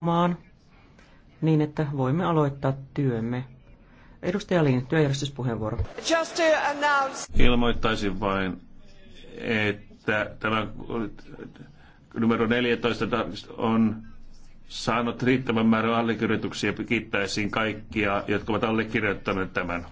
maan niin, että voimme aloittaa työmme. Edustaja Liin, työjärjestyspuheenvuoro. Ilmoittaisin vain, että tämä numero 14 on saanut riittävän määrän allekirjoituksia. Kiittäisin kaikkia, jotka ovat allekirjoittaneet tämän.